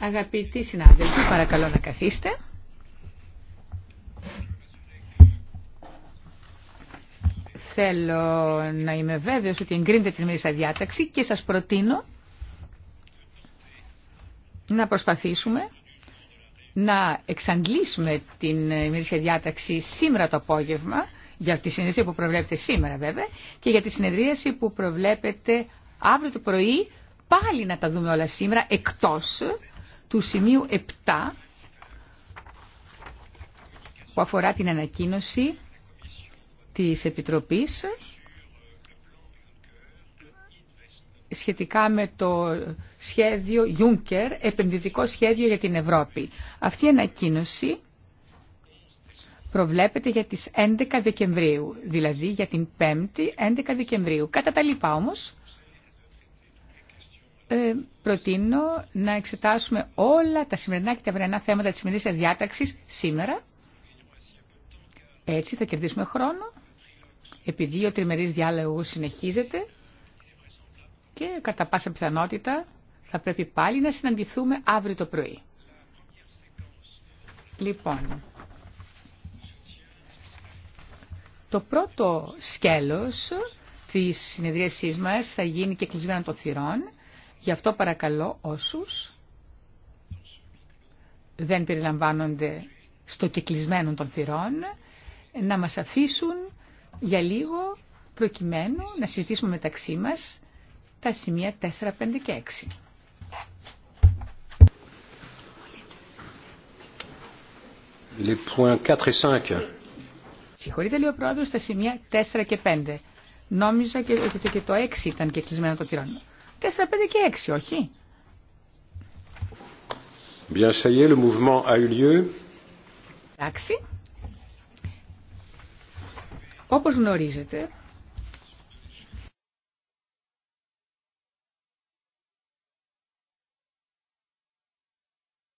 Αγαπητοί συνάδελφοι, παρακαλώ να καθίστε. Θέλω να είμαι βέβαιος ότι εγκρίνετε την μέσα διάταξη και σας προτείνω να προσπαθήσουμε να εξαντλήσουμε την ημερήσια διάταξη σήμερα το απόγευμα για τη συνεδρίαση που προβλέπεται σήμερα βέβαια και για τη συνεδρίαση που προβλέπεται αύριο το πρωί πάλι να τα δούμε όλα σήμερα εκτός του σημείου 7 που αφορά την ανακοίνωση της Επιτροπής σχετικά με το σχέδιο Juncker, επενδυτικό σχέδιο για την Ευρώπη. Αυτή η ανακοίνωση προβλέπεται για τις 11 Δεκεμβρίου, δηλαδή για την 5η 11 Δεκεμβρίου. Κατά τα λοιπά όμως, ε, προτείνω να εξετάσουμε όλα τα σημερινά και τα βρενά θέματα της σημερινής διάταξης σήμερα. Έτσι θα κερδίσουμε χρόνο, επειδή ο τριμερής διάλογος συνεχίζεται και κατά πάσα πιθανότητα θα πρέπει πάλι να συναντηθούμε αύριο το πρωί. Λοιπόν, Το πρώτο σκέλος της συνεδρίασής μας θα γίνει και κλεισμένο των θυρών. Γι' αυτό παρακαλώ όσους δεν περιλαμβάνονται στο κεκλεισμένο των θυρών να μας αφήσουν για λίγο προκειμένου να συζητήσουμε μεταξύ μας τα σημεία 4, 5 και 6. Les points 4 et 5. Συγχωρείτε λέει στα σημεία 4 και 5. Νόμιζα και, ότι και το 6 ήταν και κλεισμένο το τυράννο. 4, 5 και 6, όχι. Bien, ça y est, le mouvement a eu lieu. Εντάξει. Όπως γνωρίζετε,